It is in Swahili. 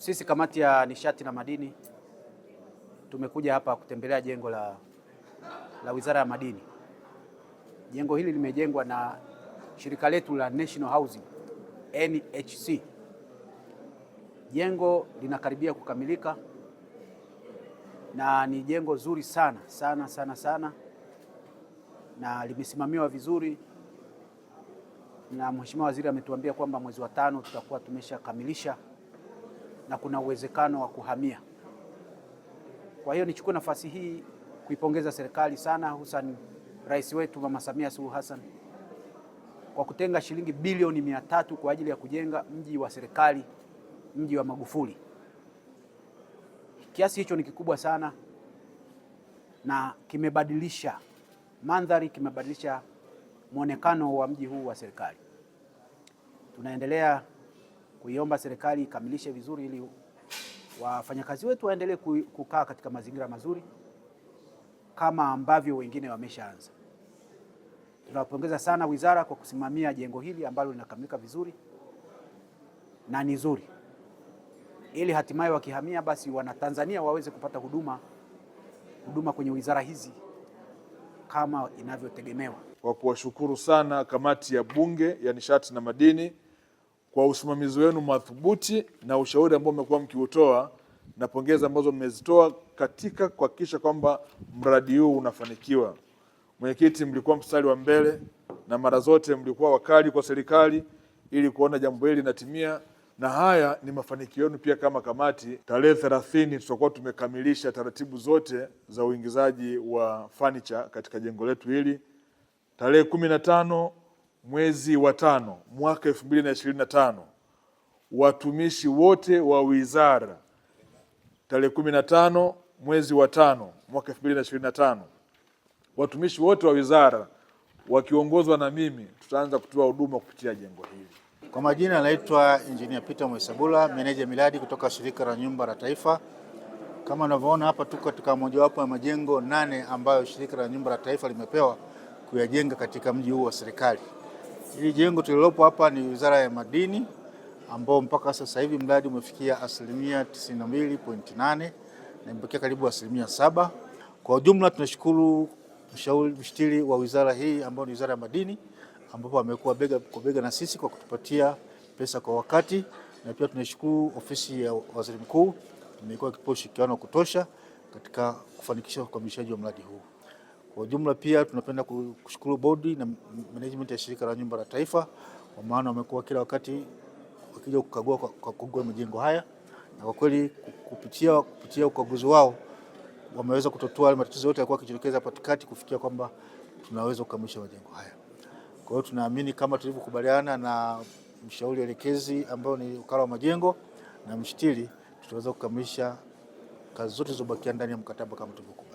Sisi kamati ya nishati na madini tumekuja hapa kutembelea jengo la, la Wizara ya Madini. Jengo hili limejengwa na shirika letu la National Housing NHC. Jengo linakaribia kukamilika na ni jengo zuri sana sana sana sana, na limesimamiwa vizuri na Mheshimiwa Waziri ametuambia kwamba mwezi wa tano tutakuwa tumeshakamilisha na kuna uwezekano wa kuhamia. Kwa hiyo nichukue nafasi hii kuipongeza serikali sana, hususan rais wetu Mama Samia Suluhu Hassan kwa kutenga shilingi bilioni mia tatu kwa ajili ya kujenga mji wa serikali, mji wa Magufuli. Kiasi hicho ni kikubwa sana na kimebadilisha mandhari, kimebadilisha mwonekano wa mji huu wa serikali. Tunaendelea kuiomba serikali ikamilishe vizuri ili wafanyakazi wetu waendelee kukaa katika mazingira mazuri kama ambavyo wengine wameshaanza. Tunawapongeza sana wizara kwa kusimamia jengo hili ambalo linakamilika vizuri na ni zuri, ili hatimaye wakihamia basi Wanatanzania waweze kupata huduma huduma kwenye wizara hizi kama inavyotegemewa. Kwa kuwashukuru sana kamati ya Bunge ya Nishati na Madini kwa usimamizi wenu madhubuti na ushauri ambao mmekuwa mkiutoa na pongezi ambazo mmezitoa katika kuhakikisha kwamba mradi huu unafanikiwa. Mwenyekiti, mlikuwa mstari wa mbele na mara zote mlikuwa wakali kwa serikali ili kuona jambo hili linatimia, na haya ni mafanikio yenu pia kama kamati. Tarehe thelathini tutakuwa tumekamilisha taratibu zote za uingizaji wa fanicha katika jengo letu hili. Tarehe kumi na tano mwezi wa tano mwaka elfu mbili na ishirini na tano watumishi wote wa wizara tarehe kumi na tano mwezi wa tano mwaka elfu mbili na ishirini na tano watumishi wote wa wizara wakiongozwa na mimi tutaanza kutoa huduma kupitia jengo hili. Kwa majina anaitwa Injinia Peter Mwesabula, meneja miradi kutoka Shirika la Nyumba la Taifa. Kama unavyoona hapa, tuko katika mojawapo ya majengo nane ambayo Shirika la Nyumba la Taifa limepewa kuyajenga katika mji huu wa serikali. Hili jengo tulilopo hapa ni Wizara ya Madini ambao mpaka sasa hivi mradi umefikia asilimia 92.8 na imebakia karibu asilimia saba. Kwa ujumla tunashukuru mshauri mshtiri wa wizara hii ambao ni Wizara ya Madini ambapo amekuwa bega kwa bega na sisi kwa kutupatia pesa kwa wakati, na pia tunashukuru ofisi ya Waziri Mkuu imekuwa ikipewa ushirikiano wa kutosha katika kufanikisha ukamilishaji wa mradi huu. Kwa ujumla pia tunapenda kushukuru bodi na management ya Shirika la Nyumba la Taifa kwa maana wamekuwa kila wakati wakija kukagua kwa kugua majengo haya, na kwa kweli kupitia kupitia ukaguzi wao wameweza kutotoa matatizo yote yalikuwa yakijitokeza katikati kufikia kwamba tunaweza kukamilisha majengo haya. Kwa hiyo tunaamini kama tulivyokubaliana na mshauri elekezi ambao ni ukala wa majengo na mshtiri, tutaweza kukamilisha kazi zote zilizobakia ndani ya mkataba kama tulivyokuwa